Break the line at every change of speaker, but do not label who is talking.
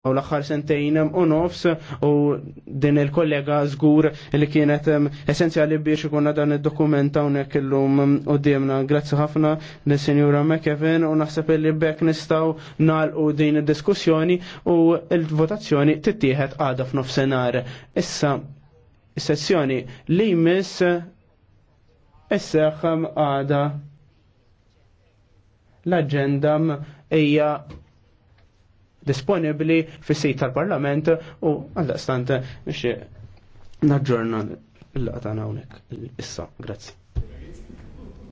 u l-axħar sentejn u nofs u din il-kollega zgur li kienet essenzjali biex ikunna dan id dokument hawnhekk illum u diemna. Grazzi ħafna lis-Sinjura McKevin u naħseb li bekk nistgħu nagħlqu din id-diskussjoni u l-votazzjoni tittieħed għadha f'nofsinhar. Issa is-sessjoni li jmiss isseħħam għada l agenda hija disponibli fis sit tal-Parlament u għal-daqstant biex
naġġorna l-laqta hawnhekk issa. Grazie.